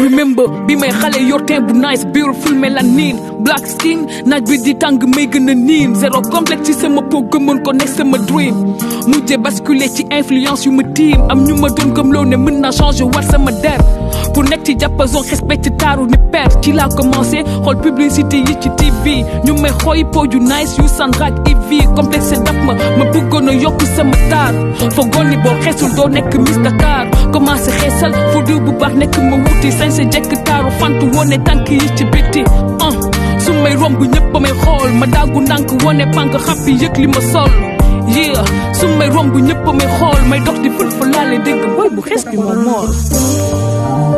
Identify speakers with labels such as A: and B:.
A: Remember be my xale your nice beautiful melanin, black skin Night with the tongue making a zéro complexe dream basculer ci influence yu me I'm am ñu pas comme ne respect ci ne père ci commencé publicité TV may xooy po yu nice yu sandraak ivi daf ma ma bëggoon a yokk sama taar foogoon ni boo xeesul doo nekk Miss Dakar commencé xeesal fu diw bu baax nekk ma wuti sañ sa jekk taaru fantu wone tànk yi ci bitti ah su may romb ñëpp a may xool ma daggu ndànk wone pànk xappi yëg li ma sol yéa su may romb ñëpp a may xool may dox di fël fa laale dégg booy bu xes bi moom